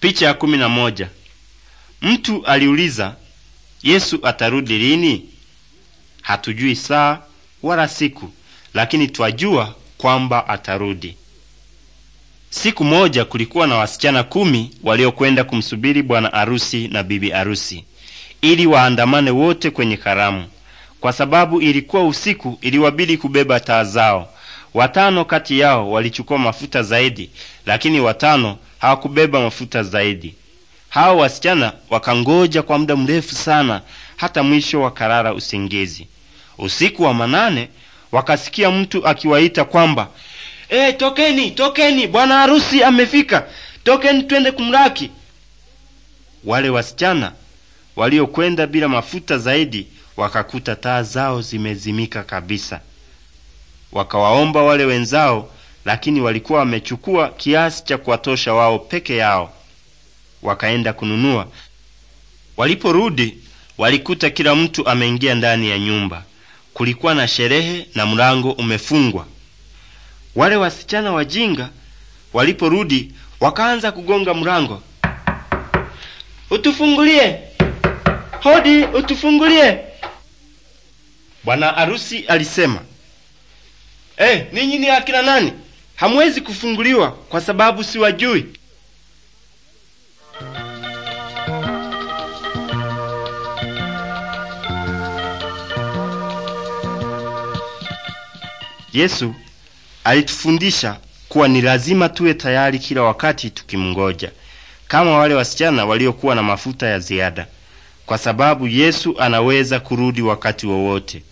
Picha ya kumi na moja. Mtu aliuliza, Yesu atarudi lini? Hatujui saa wala siku, lakini twajua kwamba atarudi. Siku moja kulikuwa na wasichana kumi waliokwenda kumsubiri bwana arusi na bibi arusi ili waandamane wote kwenye karamu. Kwa sababu ilikuwa usiku, iliwabidi kubeba taa zao, Watano kati yao walichukua mafuta zaidi, lakini watano hawakubeba mafuta zaidi. Hao wasichana wakangoja kwa muda mrefu sana, hata mwisho wakarara usingizi. Usiku wa manane wakasikia mtu akiwaita kwamba e, tokeni, tokeni, bwana harusi amefika, tokeni twende kumlaki. Wale wasichana waliokwenda bila mafuta zaidi wakakuta taa zao zimezimika kabisa wakawaomba wale wenzao, lakini walikuwa wamechukua kiasi cha kuwatosha wao peke yao, wakaenda kununua. Waliporudi walikuta kila mtu ameingia ndani ya nyumba. Kulikuwa na sherehe na mlango umefungwa. Wale wasichana wajinga waliporudi wakaanza kugonga mlango, utufungulie hodi, utufungulie. Bwana arusi alisema Eh, ninyi ni akina nani? Hamwezi kufunguliwa kwa sababu siwajui. Yesu alitufundisha kuwa ni lazima tuwe tayari kila wakati tukimngoja, kama wale wasichana waliokuwa na mafuta ya ziada, kwa sababu Yesu anaweza kurudi wakati wowote.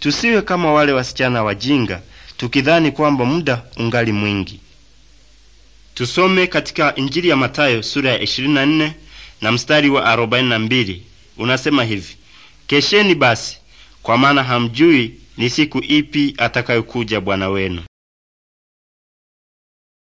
Tusiwe kama wale wasichana wajinga tukidhani kwamba muda ungali mwingi. Tusome katika Injili ya Matayo sura ya 24 na mstari wa 42. Unasema hivi: Kesheni basi, kwa maana hamjui ni siku ipi atakayokuja Bwana wenu.